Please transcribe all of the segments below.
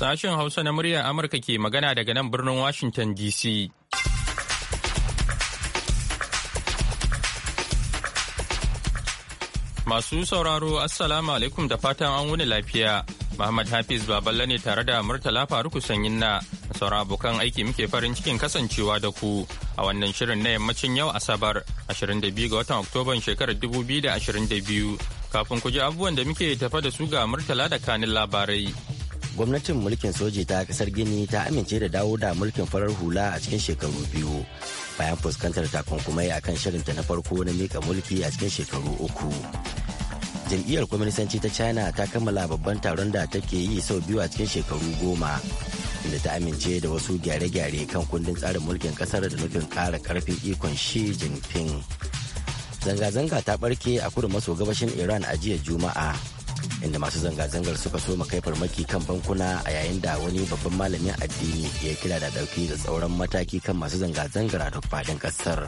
Sashen Hausa na muryar Amurka ke magana daga nan birnin Washington DC. Masu sauraro Assalamu alaikum da fatan an wuni lafiya. Muhammad Hafiz Baballe ne tare da Murtala Faruku Sanyin na sauran abokan aiki muke farin cikin kasancewa da ku a wannan shirin na yammacin yau Asabar 22 ga watan Oktoban shekarar 2022 kafin ku ji abubuwan da muke tafa da su ga Murtala da kanin labarai. gwamnatin mulkin soji ta kasar gini ta amince da dawo da mulkin farar hula a cikin shekaru biyu bayan fuskantar takunkumai kan shirinta na farko na mika mulki a cikin shekaru uku jam'iyyar kwaminisanci ta china ta kammala babban taron da take yi sau biyu a cikin shekaru goma inda ta amince da wasu gyare-gyare kan kundin tsarin mulkin kasar da nufin kara karfin ikon shi jinping zanga-zanga ta barke a kudu maso gabashin iran a jiya juma'a inda masu zanga-zangar suka so kai farmaki kan bankuna a yayin da wani babban malamin addini ya kira da dauki da tsauran mataki kan masu zanga-zangar a duk kasar. kasar.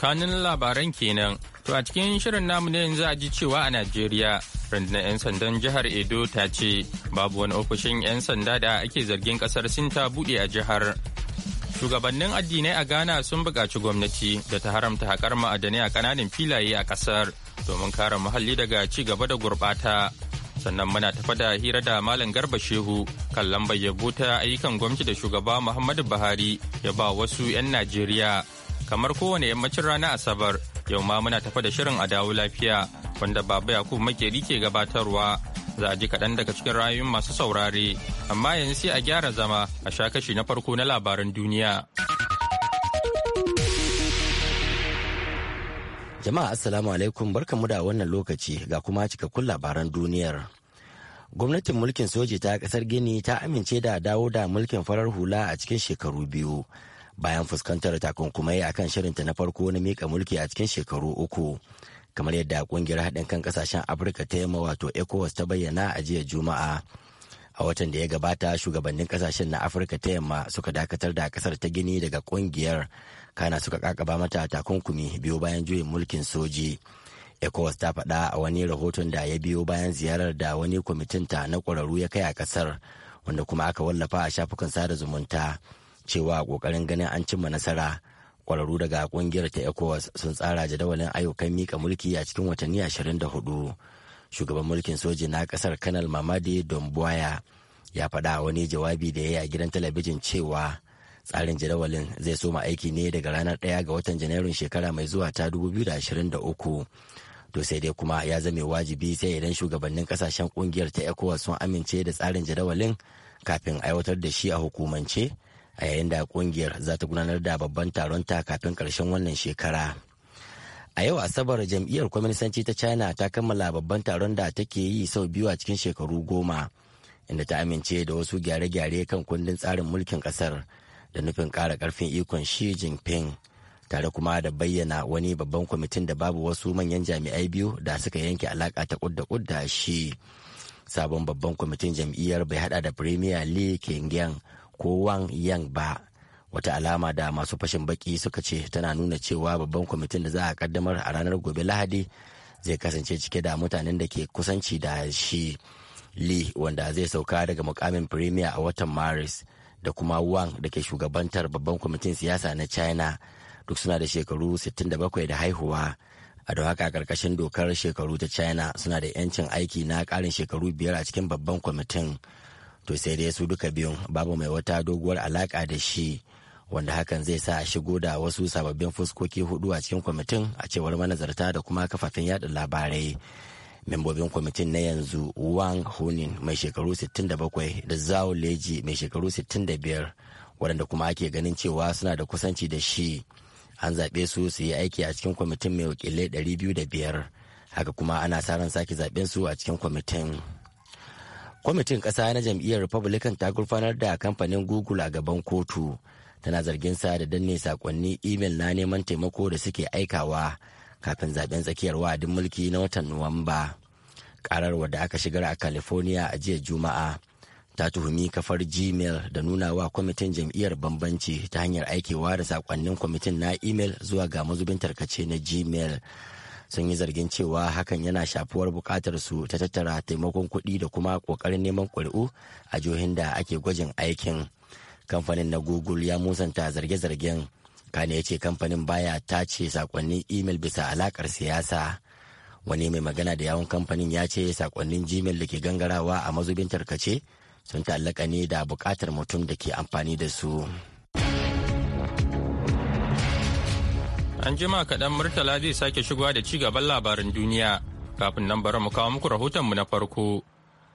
kanin labaran kenan to a cikin shirin namu ne yanzu a ji cewa a najeriya rundunar 'yan sandan jihar edo ta ce babu wani ofishin 'yan sanda da ake zargin kasar sin ta bude a jihar shugabannin addinai a ghana sun buƙaci gwamnati da ta haramta haƙar ma'adanai a ƙananan filaye a ƙasar domin kare muhalli daga ci gaba da gurɓata sannan muna tafa da hira da Malam Garba Shehu kan lambar yabo ta ayyukan gwamnati da shugaba Muhammadu Buhari ya ba wasu 'yan Najeriya. Kamar kowane yammacin rana Asabar, yau ma muna tafa da shirin a dawo lafiya wanda Baba Yakubu Makeri ke gabatarwa. Za a ji kaɗan daga cikin rayuwar masu saurare, amma yanzu sai a gyara zama a sha kashi na farko na labaran duniya. Jama'a Assalamu alaikum mu da wannan lokaci ga kuma cikakkun labaran duniyar. Gwamnatin mulkin soji ta kasar Gini ta amince da dawo da mulkin farar hula a cikin shekaru biyu bayan fuskantar takunkumai kan shirinta na farko na mika mulki a cikin shekaru uku. Kamar yadda kungiyar haɗin kan ƙasashen Afirka ta yamma wato ECOWAS ta bayyana a jiya Juma'a. A watan da ya gabata shugabannin ƙasashen na Afirka ta yamma suka dakatar da ƙasar ta Gini daga ƙungiyar. kana suka kakaba mata a takunkumi biyo bayan juyin mulkin soji ecowas ta faɗa a wani rahoton da ya biyo bayan ziyarar da wani kwamitin ta na ƙwararru ya kai a ƙasar wanda kuma aka wallafa a shafukan sada zumunta cewa ƙoƙarin ganin an cimma nasara ƙwararru daga ƙungiyar ta ecowas sun tsara jadawalin ayyukan mika mulki a cikin watanni ashirin da hudu. shugaban mulkin soji na ƙasar kanal mamadi dombuaya ya faɗa wani jawabi da ya yi a gidan talabijin cewa tsarin jadawalin zai soma aiki ne daga ranar 1 ga watan janairun shekara mai zuwa ta 2023 to sai dai kuma ya zame wajibi sai idan shugabannin kasashen kungiyar ta ekowa sun amince da tsarin jadawalin kafin aiwatar da shi a hukumance a yayin da kungiyar za ta gudanar da babban taron ta kafin karshen wannan shekara a yau asabar jam'iyyar kwaminisanci ta china ta kammala babban taron da take yi sau biyu a cikin shekaru goma inda ta amince da wasu gyare-gyare kan kundin tsarin mulkin kasar da nufin kara karfin ikon Xi Jinping tare kuma da bayyana wani babban kwamitin da babu wasu manyan jami'ai biyu da suka yanke alaka ta kudda kudda shi. Sabon babban kwamitin jam'iyyar bai hada da Premier li Kengyang ko Wang Yang ba. Wata alama da masu fashin baki suka ce tana nuna cewa babban kwamitin da za a kaddamar a ranar gobe Lahadi zai kasance cike da mutanen da ke kusanci da shi. li wanda zai sauka daga mukamin Premier a watan Maris. da kuma wang da ke shugabantar babban kwamitin siyasa na china duk suna da shekaru 67 da haihuwa a don haka karkashin dokar shekaru ta china suna da 'yancin aiki na karin shekaru biyar a cikin babban kwamitin to sai dai su duka biyun babu mai wata doguwar alaka da shi wanda hakan zai sa a shigo da wasu sababbin fuskoki hudu a cikin kwamitin a cewar manazarta da kuma kafafen yada labarai membobin kwamitin na yanzu wang hunin mai shekaru 67 da zao leji mai shekaru 65 wadanda kuma ake ganin cewa suna da kusanci da shi an zaɓe su su yi aiki a cikin kwamitin mai wakilai 205 haka kuma ana sa ran sake zaɓen su a cikin kwamitin kwamitin ƙasa na jam'iyyar republican ta gurfanar da kamfanin google a gaban kotu tana zargin sa da danne saƙonni imel na neman taimako da suke aikawa kafin zaben tsakiyar wa'adin mulki na watan nuwamba karar wadda aka shigar a california a jiya juma'a ta tuhumi kafar gmail da nuna wa kwamitin jam'iyyar bambanci ta hanyar aikewa da sakonnin kwamitin na email zuwa ga mazubin tarkace na gmail sun yi zargin cewa hakan yana shafuwar bukatar su ta tattara taimakon kuɗi da kuma ƙoƙarin neman ƙuri'u a jihohin da ake gwajin aikin kamfanin na google ya musanta zarge-zargen kane ya ce kamfanin baya tace sakonnin imel bisa alakar siyasa wani mai magana da yawon kamfanin ya ce sakonnin gmail da ke gangarawa a mazubin tarkace sun ta'allaka ne da bukatar mutum da ke amfani da su an jima kaɗan murtala zai sake shigowa da ci gaban labarin duniya kafin nan bari mu kawo muku rahotonmu na farko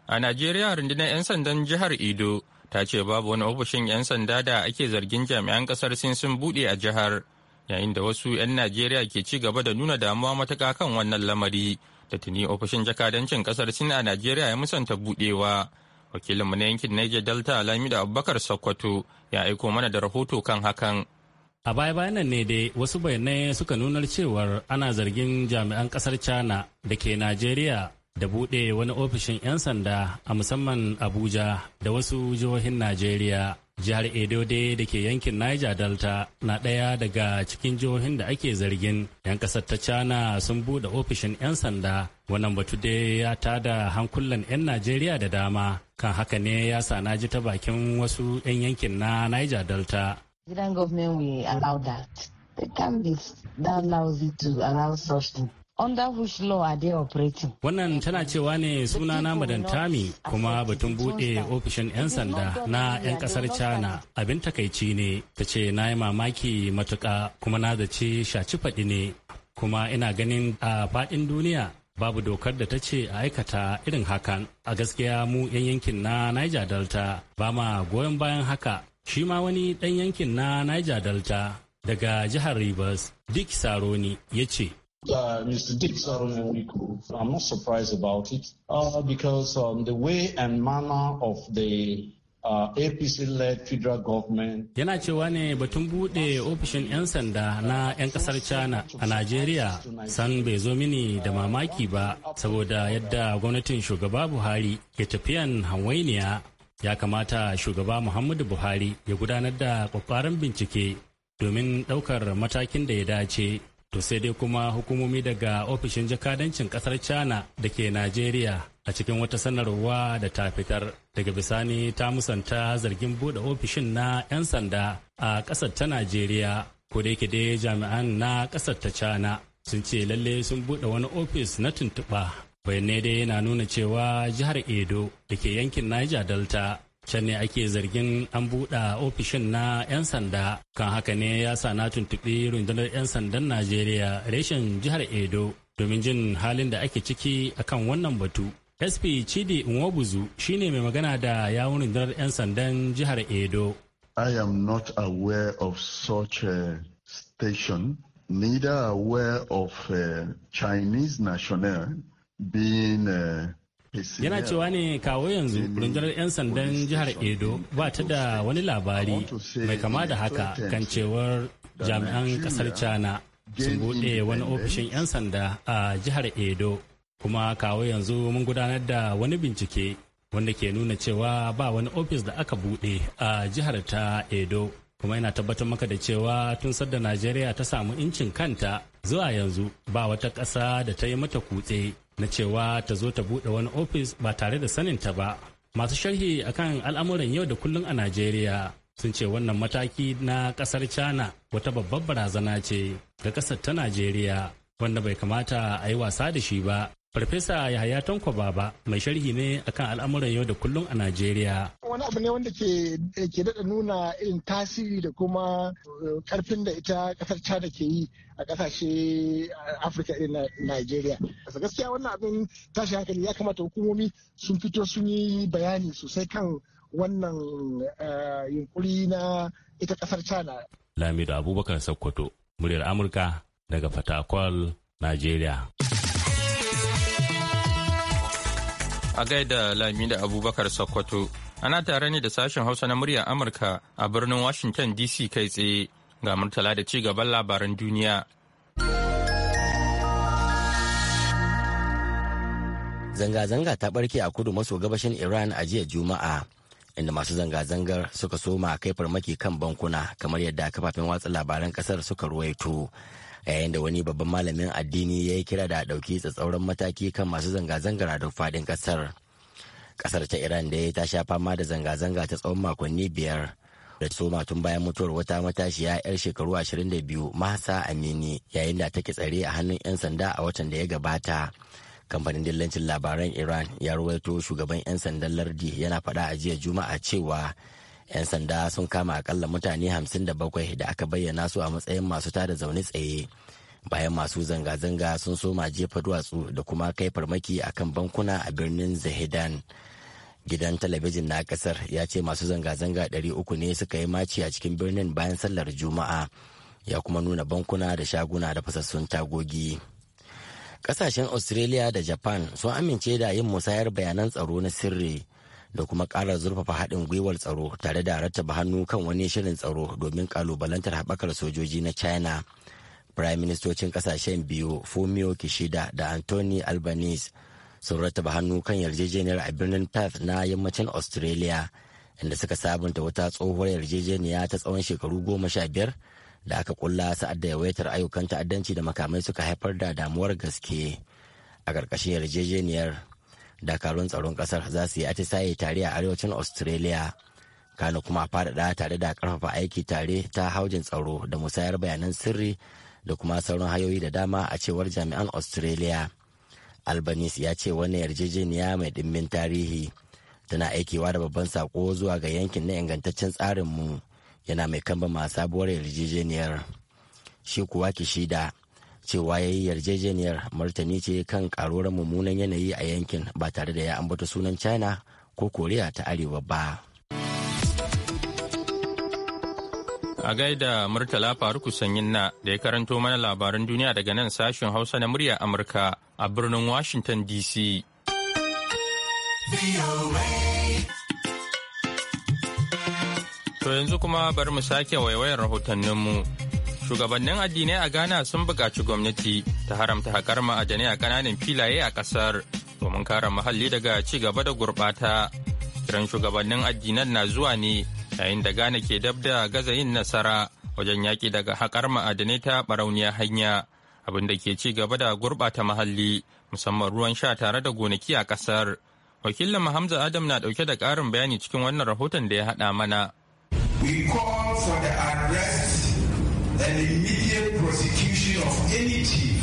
a najeriya rundunar 'yan sandan jihar ido ta ce babu wani ofishin 'yan sanda da ake zargin jami'an kasar sin sun buɗe a jihar yayin da wasu 'yan najeriya ke ci gaba da nuna damuwa matuka kan wannan lamari da tuni ofishin jakadancin kasar sin a najeriya ya musanta buɗewa wakilinmu na yankin niger delta lamido abubakar sokoto ya aiko mana da rahoto kan hakan a baya bayan nan ne dai wasu bayanai suka nunar cewar ana zargin jami'an kasar china da ke najeriya da buɗe wani ofishin 'yan sanda a musamman Abuja da wasu jihohin Najeriya. Jihar Edo dai da ke yankin Niger Delta na ɗaya daga cikin jihohin da ake zargin 'yan ƙasar ta China sun buɗe ofishin 'yan sanda. Wannan batu dai ya tada hankulan 'yan Najeriya da dama. Kan haka ne ya sa na ji ta bakin wasu 'yan yankin na Niger Delta. Gidan government we allow that. They can be that lousy to allow such things. under which law are they operating. Wannan tana cewa ne suna sunana madantami kuma batun bude ofishin 'yan sanda na 'yan kasar China abin takaici ne ta ce na yi mamaki matuka kuma na zace shaci faɗi ne kuma ina ganin a faɗin duniya babu dokar da ta ce a aikata irin hakan a gaskiya mu 'yan yankin na Niger Delta ba ma goyon bayan haka shi ma wani ɗan yankin na Niger Delta daga jihar Rivers Dick Saroni ya ce Uh, Mr. Dick Sarunenwiku, I'm not surprised about it uh, because um, the way and manner of the Uh, APC-led federal government. Yana cewa ne batun bude ofishin 'yan sanda na 'yan kasar China a Najeriya san bai zo mini da mamaki ba saboda yadda gwamnatin shugaba Buhari ke tafiyan hanwainiya ya kamata shugaba Muhammadu Buhari ya gudanar da kwakwaran bincike domin ɗaukar matakin da ya dace To sai dai kuma hukumomi daga ofishin jakadancin kasar China da ke Najeriya a cikin wata sanarwa da ta fitar daga bisani ta musanta zargin bude ofishin na 'yan sanda a kasar ta Najeriya ko da yake dai jami'an na kasar ta China sun ce lalle sun bude wani ofis na tuntuɓa bayanai dai yana nuna cewa jihar Edo da ke yankin Niger Delta can ne ake zargin an buɗe ofishin na 'yan sanda kan haka ne ya sa na tuntuɓi rundunar 'yan sandan najeriya reshen jihar edo domin jin halin da ake ciki akan wannan batu sp chidi nwobuzu shine mai magana da yawon rundunar 'yan sandan jihar edo i am not aware of such a station neither aware of a uh, chinese national being a uh, yana cewa ne kawo yanzu rundunar 'yan sandan jihar edo ba ta da wani labari mai kama da haka kan cewar jami'an kasar china sun buɗe wani ofishin 'yan sanda a jihar edo kuma kawo yanzu mun gudanar da wani bincike wanda ke nuna cewa ba wani ofis da aka buɗe a jihar ta edo kuma yana tabbatar maka da cewa tun sadda najeriya ta samu incin kanta zuwa yanzu ba wata ƙasa da ta yi mata kutse na cewa ta zo ta buɗe wani ofis ba tare da saninta ba masu sharhi akan al'amuran yau da kullum a najeriya sun ce wannan mataki na kasar china wata babbar barazana ce ga kasar ta najeriya wanda bai kamata a yi wasa da shi ba Farfesa Yahaya Tanko Baba mai sharhi ne akan al'amuran yau da kullum a Najeriya. Wani abu ne wanda ke eh, ke daɗa nuna irin tasiri da kuma karfin eh, da ita kasar Chad ke yi a ƙasashe eh, Afirka irin Najeriya. Gaskiya wannan abin tashi hankali ya kamata hukumomi sun fito sun yi bayani sosai kan wannan yunkuri na ita kasar China. Lamido Abubakar Sokoto, muryar Amurka daga Fatakwal, Najeriya. A gaida lami da Abubakar Sokoto, ana tare ne da sashen Hausa na muryar Amurka a birnin Washington DC kai tsaye ga murtala da cigaban labaran duniya. Zanga-zanga ta barke a kudu maso gabashin Iran a jiya Juma'a, inda masu zanga-zangar suka soma kai farmaki kan bankuna kamar yadda kafafen watsa labaran kasar suka ruwaito. yayin da wani babban malamin addini ya yi kira da a ɗauki tsatsauran mataki kan masu zanga-zangar a duk faɗin ƙasar ƙasar ta iran da ya ta sha fama da zanga-zanga ta tsawon makonni biyar da soma tun bayan mutuwar wata matashiya 'yar shekaru ashirin da biyu, mahasa amini yayin da take tsare a hannun 'yan sanda a watan da ya gabata kamfanin dillancin labaran iran ya ruwaito shugaban 'yan sandan lardi yana faɗa a jiya juma'a cewa 'yan sanda sun kama akalla mutane 57 da aka bayyana su a matsayin masu tada zaune tsaye bayan masu zanga-zanga sun soma jefa duwatsu da kuma kai farmaki a kan bankuna a birnin zahidan gidan talabijin na kasar ya ce masu zanga-zanga 300 ne suka yi maci a cikin birnin bayan sallar juma'a ya kuma nuna bankuna da shaguna da fasassun tagogi kasashen australia da japan sun amince da yin musayar bayanan tsaro na sirri da kuma ƙara zurfafa haɗin gwiwar tsaro tare da rattaba hannu kan wani shirin tsaro domin ƙalubalantar haɓakar sojoji na china prime ministocin ƙasashen biyu fumio kishida da anthony albanese sun rattaba hannu kan yarjejeniyar a birnin perth na yammacin australia inda suka sabunta wata tsohuwar yarjejeniya ta tsawon shekaru goma sha biyar da aka kulla sa'ad da yawaitar ayyukan ta'addanci da makamai suka haifar da damuwar gaske a ƙarƙashin yarjejeniyar dakarun tsaron kasar za su yi atisaye tare a arewacin australia kano kuma faɗaɗa tare da ƙarfafa aiki tare ta haujin tsaro da musayar bayanan sirri da kuma sauran hayoyi da dama a cewar jami'an australia albanese ya ce wannan yarjejeniya mai ɗimbin tarihi tana aikewa da babban sako zuwa ga yankin na ingantaccen tsarinmu yana mai kamba masu sabuwar yarjejeniyar shi kuwa kishida cewa ya yi yarjejeniyar martani ce kan karuwar mummunan yanayi a yankin ba tare da ya ambata sunan china ko koriya ta arewa ba a gaida murtala faruk sanyin na da ya karanto mana labaran duniya daga nan sashen hausa na murya amurka a birnin washington dc To yanzu kuma bari mu sake waiwayar rahotanninmu shugabannin addinai a ghana sun buƙaci gwamnati ta haramta haƙar ma'adanai a ƙananan filaye a ƙasar domin kare muhalli daga ci gaba da gurɓata kiran shugabannin addinan na zuwa ne yayin da ghana ke dab da gaza yin nasara wajen yaƙi daga haƙar ma'adanai ta barauniya hanya abin da ke ci gaba da gurɓata muhalli musamman ruwan sha tare da gonaki a ƙasar wakilin hamza adam na ɗauke da ƙarin bayani cikin wannan rahoton da ya haɗa mana We call for the arrest and immediate prosecution of any thief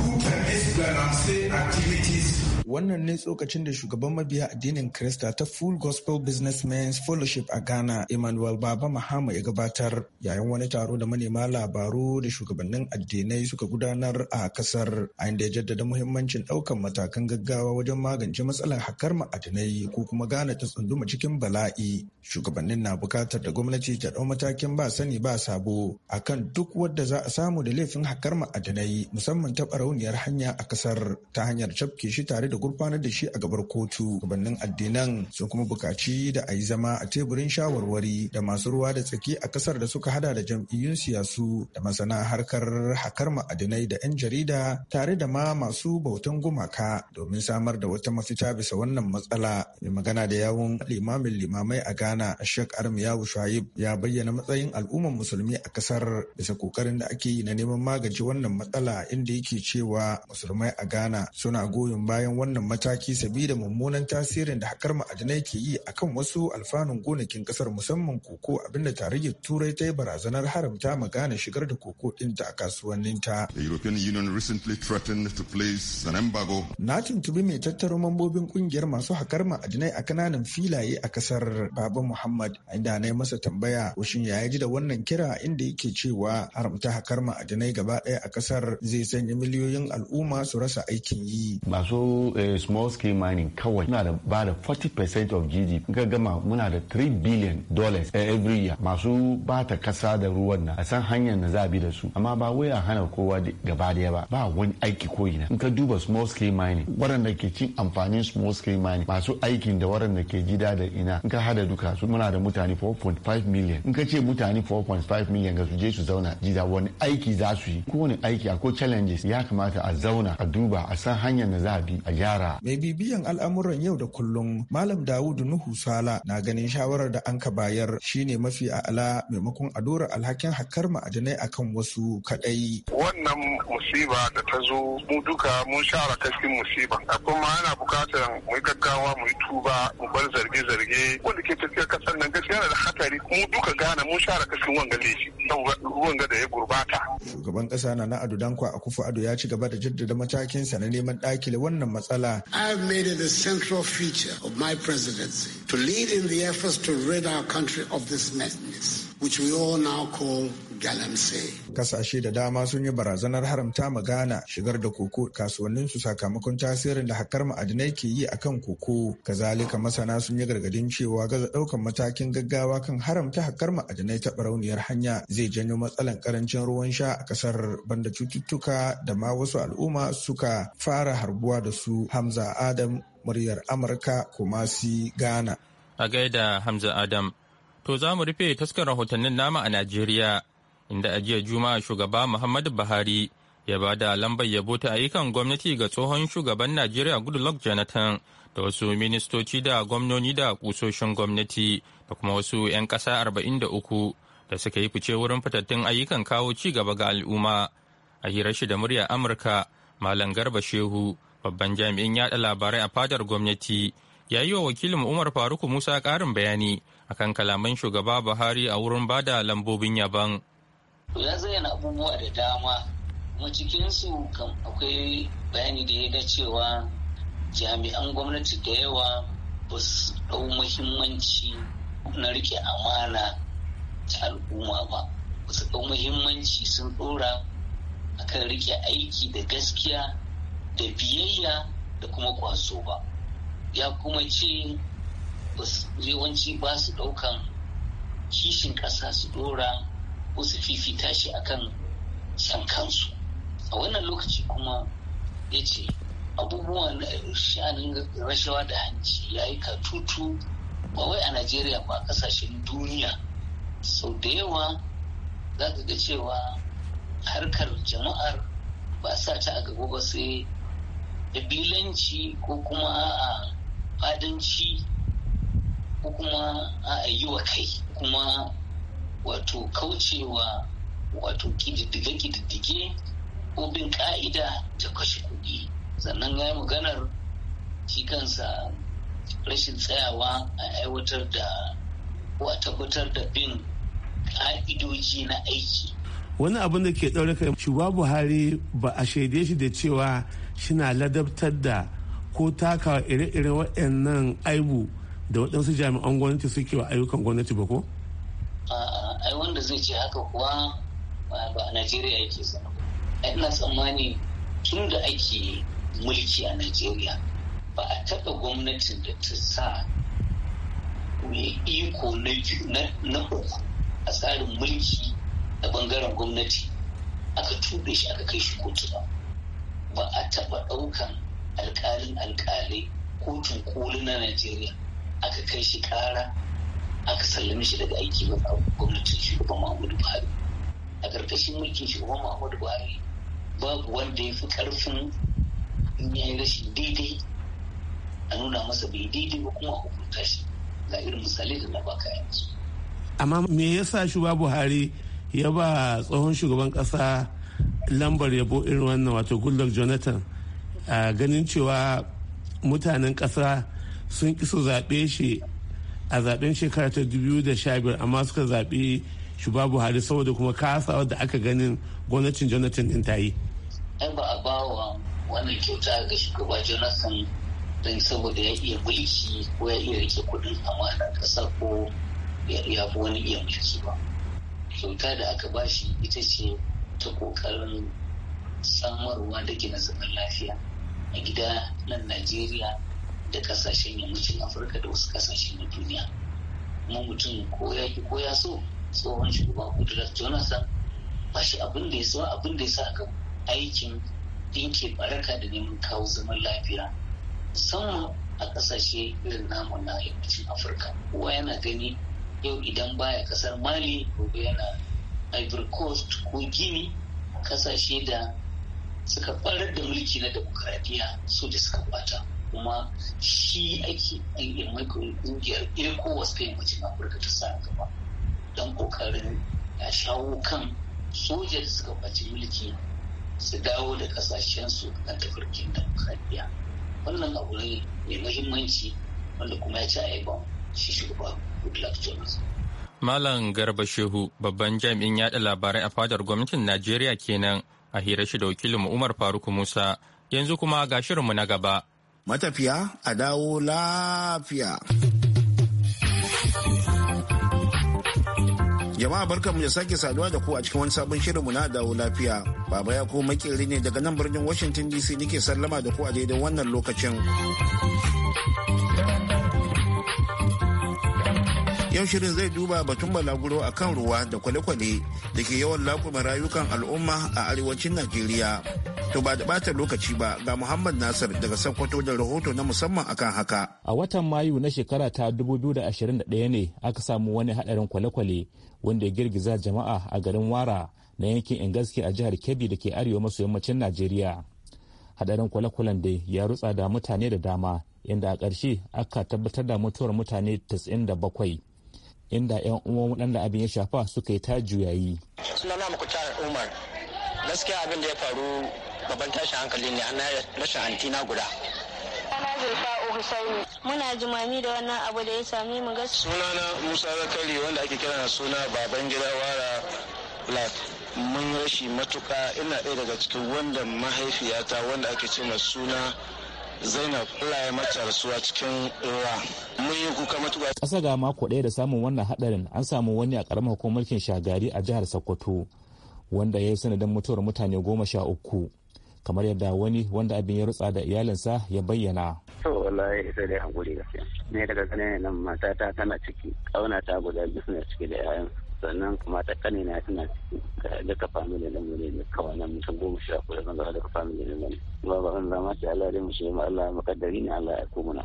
who permits balanced activities Wannan ne tsokacin da shugaban mabiya addinin Krista ta Full Gospel Businessmen's Fellowship a Ghana, Emmanuel Baba Mahama ya gabatar yayin wani taro da manema labaru da shugabannin addinai suka gudanar a kasar, a inda ya jaddada muhimmancin ɗaukar matakan gaggawa wajen magance matsalar hakar ma'adinai ko kuma Ghana ta tsunduma cikin bala'i. Shugabannin na bukatar da gwamnati ta ɗau matakin ba sani ba sabo akan duk wadda za a samu da laifin hakar ma'adinai musamman ta barauniyar hanya a kasar ta hanyar cafke shi tare da gurfanar da shi a gabar kotu gabanin addinan sun kuma bukaci da a yi zama a teburin shawarwari da masu ruwa da tsaki a kasar da suka hada da jam'iyyun siyasu da masana harkar hakar ma'adinai da 'yan jarida tare da ma masu bautan gumaka domin samar da wata mafita bisa wannan matsala mai magana da yawun limamin limamai a ghana shek armiyawu shuaib ya bayyana matsayin al'ummar musulmi a kasar bisa kokarin da ake yi na neman magance wannan matsala inda yake cewa musulmai a ghana suna goyon bayan wannan mataki sabida mummunan tasirin da hakar ma'adinai ke yi akan wasu alfanun gonakin ƙasar musamman koko abinda tarayyar turai ta yi barazanar haramta ma shigar da koko din ta a kasuwannin ta. European Union recently threatened to place an embargo. Na tuntubi mai tattaro mambobin ƙungiyar masu hakar ma'adinai a kananan filaye a ƙasar Baba Muhammad inda na yi masa tambaya washin ya ji da wannan kira inda yake cewa haramta hakar ma'adinai gaba ɗaya a ƙasar zai sanya miliyoyin al'umma su rasa aikin yi. Masu Eh, small scale mining kawai muna da ba da 40% of GDP ga gama muna da 3 billion dollars eh, every year masu ba ta kasa da ruwan na a san hanyar da za a bi da su amma ba wai a hana kowa gaba daya ba ba wani aiki ko ina in ka duba small scale mining waɗanda ke cin amfanin small scale mining masu aikin da waɗanda ke gida da ina in ka hada duka su muna da mutane 4.5 million in ka ce mutane 4.5 million ga su je su zauna gida wani aiki za su yi kowane aiki akwai challenges ya kamata a zauna a duba a san hanyar na za a bi a gyara. Mai bibiyan al'amuran yau da kullum Malam Dawudu Nuhu Sala na ganin shawarar da an ka bayar shine mafi a'ala maimakon a dora alhakin hakkar ma'adanai akan wasu kadai. Wannan musiba da ta zo mu duka mun share kashin musiba. Kuma ana bukatar mu yi gaggawa mu yi tuba mu bar zarge-zarge wanda ke tafiya kasar nan gaskiya da hatari mu duka gana mun share kashin wanga laifi. Wanga da ya gurbata. Shugaban ƙasa na na Ado a kufu Ado ya ci gaba da jaddada matakinsa na neman dakile wannan matsala I have made it a central feature of my presidency to lead in the efforts to rid our country of this madness. which we all now Kasashe da dama sun yi barazanar haramta ma Ghana shigar da koko kasuwannin su sakamakon tasirin da hakar ma'adinai ke yi akan koko. Kazalika masana sun yi gargadin cewa gaza daukan matakin gaggawa kan haramta hakar ma'adinai ta barauniyar hanya zai janyo matsalan karancin ruwan sha a kasar banda cututtuka da ma wasu al'umma suka fara harbuwa da su Hamza Adam muryar Amurka Kumasi Ghana. A gaida Hamza Adam To za mu rufe taskar rahotannin nama a Najeriya, inda a jiya Juma'a shugaba Muhammadu Buhari ya ba da lambar yabo ta ayyukan gwamnati ga tsohon shugaban Najeriya Goodluck Jonathan da wasu ministoci da gwamnoni da kusoshin gwamnati da kuma wasu 'yan ƙasa 43 da suka yi fice wurin fitattun ayyukan kawo ci gaba ga al'umma. A hirar shi da murya Amurka, Malam Garba Shehu, babban jami'in yaɗa labarai a fadar gwamnati, ya yi wa wakilin Umar Faruku Musa ƙarin bayani akan kalaman shugaba buhari a wurin bada lambobin yaban ya zayyana abubuwa da dama kuma cikinsu kan akwai bayani da ya cewa jami'an gwamnati da yawa ba su ɗau muhimmanci na rike amana ta al'umma ba ba su ɗau muhimmanci sun ɗora akan rike aiki da gaskiya da biyayya da kuma kwaso ba ya kuma ce yawanci ba su ɗaukan kishin ƙasa su ɗora ko su fifita shi akan san kansu a wannan lokaci kuma ya ce abubuwan eh, sha'anin rashawa da hanci ya yi katutu ba wai a najeriya ba a ƙasashen duniya sau da yawa za ka ga cewa harkar jama'ar ba sa ta a gaba ba sai ƙabilanci ko kuma a fadanci ko kuma a yi wa kai kuma wato kaucewa wato kididdige-kididdige ko bin ka'ida ta kashe kuɗi sannan ya yi maganar shi kansa rashin tsayawa a aiwatar da ko a tabbatar da bin ka'idoji na aiki wani abin da ke ɗaure kai shugaba buhari ba a shaide shi da cewa shina ladabtar da ko taka ire-ire waɗannan aibu da waɗansu jami'an gwamnati suke wa ayyukan gwamnati ba ko? ai wanda zai ce haka kuwa ba a najeriya yake zama ina tsammani tun da ake mulki a najeriya ba a taɓa gwamnatin da ta sa mai iko na uku a tsarin mulki da bangaren gwamnati aka tube shi aka kai shi kotu ba ba a taɓa ɗaukan alƙalin alƙalai kotun koli na najeriya aka kai shi kara aka sallame shi daga aiki ba gwamnatin shugaban Muhammadu Buhari a karkashin mulkin shugaban Muhammadu Buhari babu wanda ya fi karfin in ya yi rashin daidai a nuna masa bai daidai ba kuma a hukunta shi ga irin misalai da na baka yanzu. Amma me yasa shugaba Buhari ya ba tsohon shugaban kasa lambar yabo irin wannan wato Goodluck Jonathan a ganin cewa mutanen kasa sun ki zaɓe shi a zaɓen shekara ta 2015 amma suka zaɓi babu hari saboda kuma kasawa da aka ganin gwamnatin jonathan din ta yi ai ba a ba wa wannan kyauta ga shugaba jonathan don saboda ya iya mulki ko ya iya rike kudin amana kasa ko ya fi wani iya mulki ba kyauta da aka ba shi ita ce ta kokarin samarwa da gina zaman lafiya a gida nan najeriya da kasashen yammacin afirka da wasu kasashe na duniya kuma mutum ko ya ki ko ya so tsohon shugaban kudurat jonathan ba shi abin da ya sa abin da ya sa ga aikin dinke baraka da neman kawo zaman lafiya musamman a kasashe irin namu na yammacin afirka kowa yana gani yau idan baya kasar mali gobe yana ivory coast ko gini kasashe da suka farar da mulki na demokaradiyya su da suka bata kuma shi ake yin maimakon ƙungiyar ecowas ta wajen afirka ta sa gaba don ƙoƙarin ya shawo kan soja da suka ɓaci mulki su dawo da ƙasashensu kan tafarkin demokradiyya wannan abu ne mai muhimmanci wanda kuma ya ci a shi shugaba goodluck johnson Malam Garba Shehu babban jami'in yada labarai a fadar gwamnatin Najeriya kenan a hira shi da wakilin Umar Faruk Musa yanzu kuma ga shirinmu na gaba. matafiya a dawo lafiya. Jama'a barkanmu da sake saduwa da ku a cikin wani sabon shirinmu na dawo lafiya. Baba ya ko makeri ne daga nan birnin Washington DC nike sallama da ku a daidai wannan lokacin. Yau shirin zai duba batun balaguro a kan ruwa da kwale-kwale da ke yawan lakuma rayukan al'umma a arewacin Najeriya. To ba da ɓata lokaci ba ga Muhammad Nasir daga Sokoto da rahoto na musamman akan haka. A watan Mayu na shekara ta 2021 ne aka samu wani haɗarin kwale-kwale wanda ya girgiza jama'a a garin Wara na yankin Ingaski a jihar Kebbi da ke arewa maso yammacin Najeriya. Haɗarin kwale-kwalen dai ya rutsa da mutane da dama inda a ƙarshe aka tabbatar da mutuwar mutane 97. inda 'yan uwan waɗanda abin ya shafa suka yi ta juyayi. sunana mukutar umar gaskiya abin da ya faru babban tashin hankali ne an rashin antina guda Muna jimami da wannan abu da ya sami mu Suna Sunana Musa Zakari wanda ake kira na suna baban gida wara Black. Mun rashi matuka ina ɗaya daga cikin wanda mahaifiyata wanda ake ce na suna Zainab Allah ya mata rasuwa cikin ruwa. Mun yi kuka matuka. Ƙasa ga mako ɗaya da samun wannan haɗarin an samu wani a ƙaramar hukumar shagari a jihar Sokoto wanda ya yi sanadin mutuwar mutane goma sha uku. kamar yadda wani wanda abin ya rutsa da iyalinsa ya bayyana. To wallahi sai dai hankuri gaskiya. Ne daga ganin nan matata tana ciki, kauna ta guda biyu suna ciki da yayan sannan ta kane na suna ciki da duka family na mu ne kawai na mutum goma sha kuɗa zan zama duka family na mu ne. Ba ba zama shi Allah dai mu shi ma Allah ne Allah ya kuma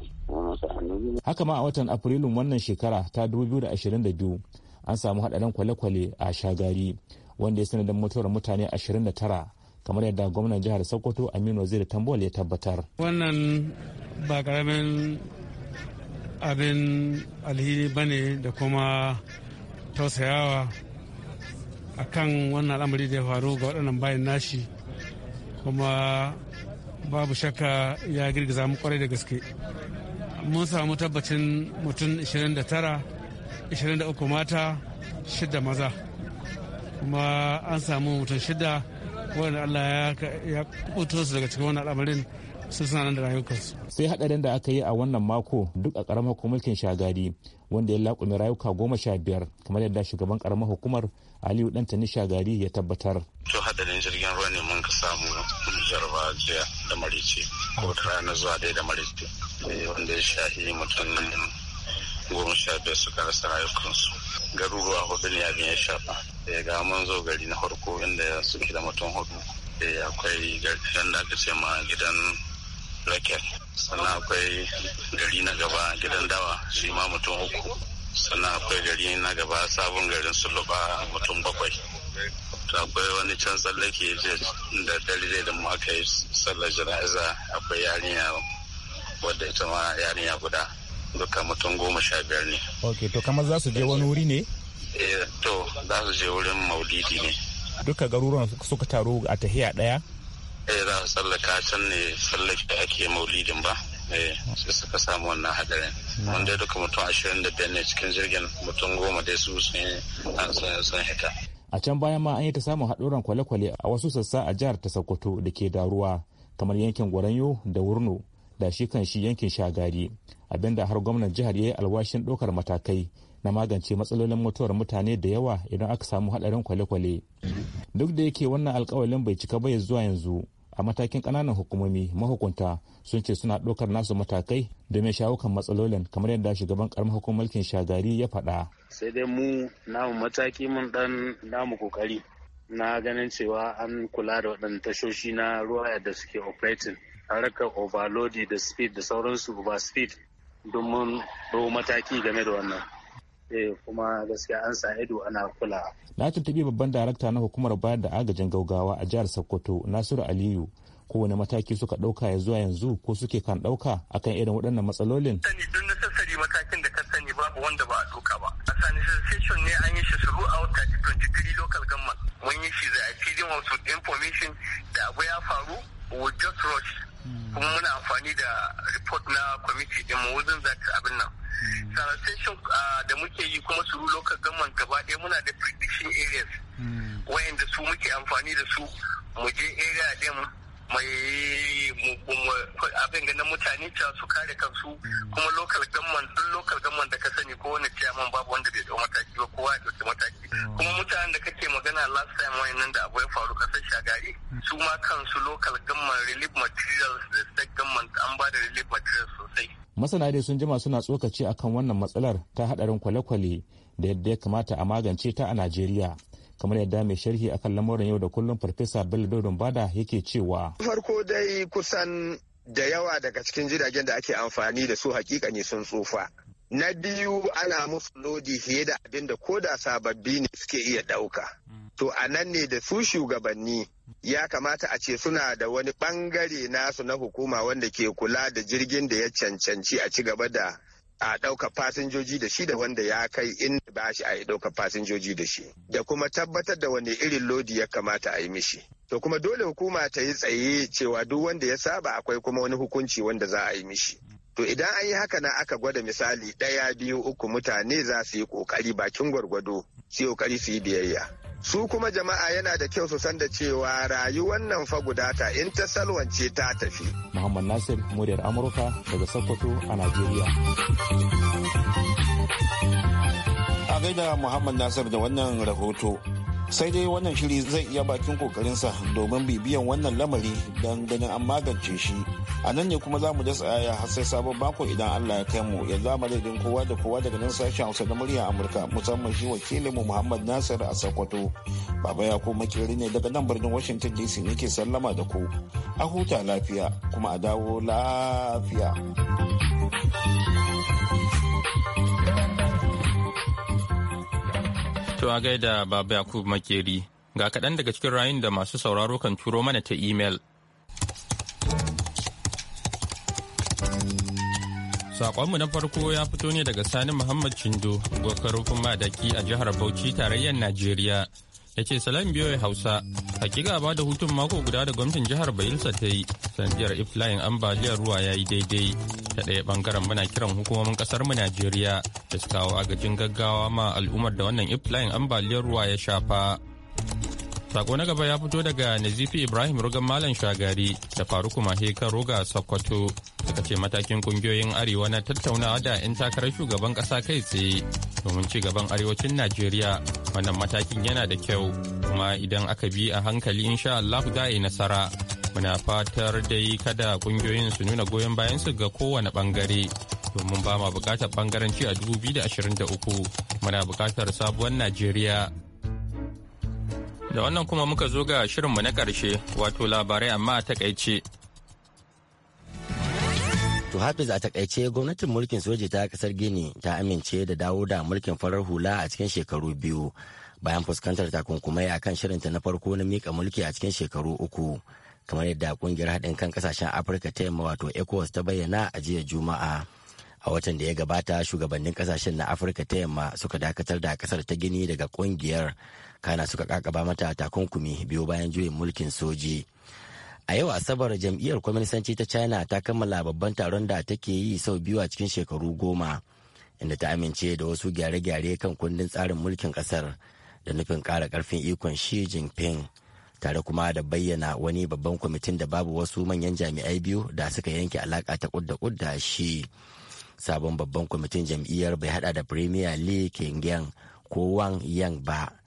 Haka ma a watan Afrilun wannan shekara ta biyu an samu haɗarin kwale-kwale a Shagari wanda ya sanadin mutuwar mutane 29 kamar yadda gwamnan jihar sokoto aminu zai tambol ya tabbatar wannan ba karamin abin alhini ba ne da kuma tausayawa a kan wannan al'amari da ya faru ga waɗannan bayan nashi kuma babu shakka ya girgiza mu kwarai da gaske mun samu tabbacin mutum 29 23 mata shida maza kuma an samu mutum shida wanda Allah ya kuto su daga cikin wannan al'amarin su suna nan da rayukansu. Sai hadarin da aka yi a wannan mako duk a karamar mulkin shagari wanda ya laƙumi rayuka goma sha biyar kamar yadda shugaban karamar hukumar Aliyu Dantani Shagari ya tabbatar. To hadarin jirgin ruwa ne mun ka samu jarba jiya da marice ko ta rana zuwa dai da marice eh, wanda ya shahi mutum goma sha biyar suka rasa rayukansu garuruwa hudu ne abin ya shafa. ga mun zo gari na farko inda suke da mutum hudu eh, akwai garin da aka ce ma gidan raket sannan akwai gari na gaba gidan dawa shi ma mutum uku sannan akwai gari na gaba sabon garin suluba mutum bakwai akwai wani can tsallake da dalilai da maka yi tsallar jana'iza akwai yarinya wadda ita ma yarinya guda duka mutum goma sha biyar ne ok to kamar za su je wani wuri ne Eh, to za su je wurin maulidi ne duka garuruwan suka taru a tahiya daya eh za su tsallaka can ne da ake maulidin ba eh sai suka samu wannan hadarin hmm. wanda duka mutum ashirin da biyar ne cikin jirgin mutum goma dai su sun hita a can bayan ma an yi ta samun haɗuran kwale-kwale a wasu sassa a jihar ta sokoto da ke da ruwa kamar yankin gwaranyo da wurno da shi kan shi yankin shagari abinda har gwamnan jihar ya yi alwashin ɗaukar matakai na magance matsalolin mutuwar mutane da yawa idan aka samu hadarin kwale-kwale duk da yake wannan alkawalin bai cika ba zuwa yanzu a matakin kananan hukumomi mahukunta sun ce suna ɗaukar nasu matakai domin shawukan matsalolin kamar yadda shugaban karamar hukumar mulkin shagari ya faɗa. sai dai mu namu mataki mun dan namu kokari na ganin cewa an kula da waɗannan tashoshi na ruwa yadda suke operating harkar overloading da speed da sauransu ba speed domin mataki game da wannan. eh kuma gaskiya an sa ido ana kula na tuntubi babban darakta na hukumar bayar da agajin gaugawa a jihar sokoto nasiru aliyu kowane mataki suka ɗauka ya zuwa yanzu ko suke kan ɗauka akan irin waɗannan matsalolin. Sani duk na sassari matakin da ka sani babu wanda ba a ɗauka ba. A sanitation ne an yi shi suru a wata 23 local government. Mun yi shi za a feeding of information da abu ya faru we just rush kuma muna amfani da report na kwamiti din mu wajen zaka abin nan hmm. sanitation ah, da muke yi kuma su local government gaba ɗaya muna da prediction areas hmm. wayanda su muke amfani da su mu je area din mai abin ganin mutane cewa su kare kansu hmm. kuma local government duk local government da ka sani ko wani chairman babu wanda bai ɗau mataki ba kowa ya waɗannan da kake magana last time wayannan da abu ya faru kasar shagari su ma kansu local government relief materials da state government an ba da relief materials sosai masana dai sun jima suna tsokaci akan wannan matsalar ta hadarin kwale-kwale da yadda ya kamata a magance ta a najeriya kamar yadda mai sharhi akan lamuran yau da kullum farfesa bello dodon bada yake cewa farko dai kusan da yawa daga cikin jiragen da ake amfani da su hakika ne sun tsufa na biyu ana musu lodi fiye da abin da ko da sababbi ne suke iya ɗauka. To a nan ne da su shugabanni ya kamata a ce suna da wani ɓangare nasu na hukuma wanda ke kula da jirgin da ya cancanci a ci gaba da a ɗauka fasinjoji da shi da wanda ya kai in ba shi a ɗauka fasinjoji da shi da kuma tabbatar da wani irin lodi ya kamata a yi mishi to kuma dole hukuma ta yi tsaye cewa duk wanda ya saba akwai kuma wani hukunci wanda za a yi mishi To idan an yi haka na aka gwada misali ɗaya biyu uku mutane za su yi ƙoƙari bakin gwargwado su yi ƙoƙari su yi biyayya. Su kuma jama'a yana da kyau su san da cewa rayuwar nan fa gudata in ta salwance ta tafi. Muhammad Nasir muryar Amurka daga Sokoto a Najeriya. A gaida Muhammad Nasir da wannan rahoto. sai dai wannan shiri zai iya bakin kokarinsa domin bibiyan wannan lamari don ganin an magance shi a nan ne kuma za mu dasa ya har sai sabon mako idan allah ya kai mu ya zama daidin kowa da kowa daga nan sashen hausa na murya amurka musamman shi wakilin mu muhammad nasir a sokoto baba ya ko makeri ne daga nan birnin washington dc ne ke sallama da ku a huta lafiya kuma a dawo lafiya To a gaida Baba Yakub Makeri ga kaɗan daga cikin rayun da masu sauraro kan turo mana ta imel. saƙonmu na farko ya fito ne daga Sani Muhammad cindo gokar madaki daki a jihar Bauchi tarayyar Najeriya. ya ce salam biyoyi hausa hakika ba da hutun mako guda da gwamnatin jihar bayelsa ta yi sanadiyar iflayin ambaliyar ruwa ya yi daidai ta ɗaya bangaren muna kiran hukumomin kasar mu najeriya da su kawo agajin gaggawa ma al'ummar da wannan iflayin ambaliyar ruwa ya shafa Sako na gaba ya fito daga Nazifi Ibrahim Rugan Malam Shagari da Faruku Maheka Roga Sokoto suka ce matakin kungiyoyin Arewa na tattaunawa da 'yan takarar shugaban kasa kai tsaye domin ci gaban arewacin Najeriya wannan matakin yana da kyau kuma idan aka bi a hankali in insha Allah yi nasara. Muna fatar da yi kada kungiyoyin su nuna goyon bayan su ga kowane bangare domin ba ma bukatar bangaranci a 2023 muna bukatar sabuwar Najeriya. Da wannan kuma muka zo ga shirinmu na ƙarshe wato labarai amma a takaice. To Hafiz a takaice gwamnatin mulkin soji ta kasar Gini ta amince da dawo da mulkin farar hula a cikin shekaru biyu bayan fuskantar takunkumai a kan shirinta na farko na mika mulki a cikin shekaru uku kamar yadda kungiyar haɗin kan kasashen Afirka ta yamma wato ECOWAS ta bayyana a jiya Juma'a. A watan da ya gabata shugabannin kasashen na Afirka ta yamma suka dakatar da kasar ta Gini daga kungiyar kana suka kakaba mata takunkumi biyo bayan juyin mulkin soji a yau asabar jam'iyyar kwaminisanci ta china ta kammala babban taron da take yi sau biyu a cikin shekaru goma inda ta amince da wasu gyare-gyare kan kundin tsarin mulkin kasar da nufin kara karfin ikon shi jinping tare kuma da bayyana wani babban kwamitin da babu wasu manyan jami'ai biyu da suka yanke alaka ta kudda kudda shi sabon babban kwamitin jam'iyyar bai hada da premier li kengyang ko wang yang ba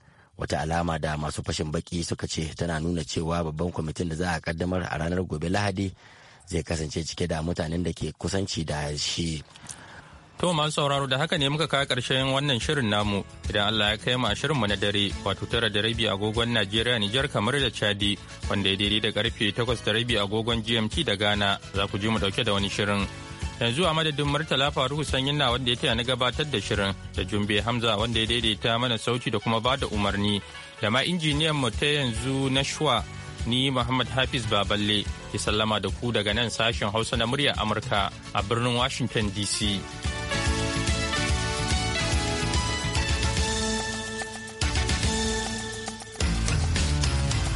wata alama da masu fashin baki suka ce tana nuna cewa babban kwamitin da za a kaddamar a ranar gobe lahadi zai kasance cike da mutanen da ke kusanci da shi to masu sauraro da haka ne muka kawo karshen wannan shirin namu idan allah ya kai ma shirinmu na dare wato tara da rabi agogon najeriya niger kamar da chadi wanda ya daidai da karfe takwas da rabi agogon gmt da ghana za ku ji mu dauke da wani shirin yanzu a madadin murtala faruku sanyin na wanda ya taya na gabatar da shirin da jumbe hamza wanda ya daidaita mana sauti da kuma bada umarni da ma injiniyan mu ta yanzu na shuwa ni muhammad hafiz baballe ke sallama da ku daga nan sashen hausa na murya amurka a birnin washington dc